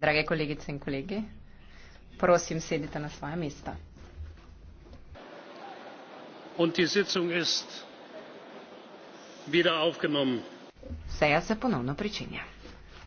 Drage kolegice in kolegi, prosim, sedite na svoje mesta. Seja se ponovno pričenja.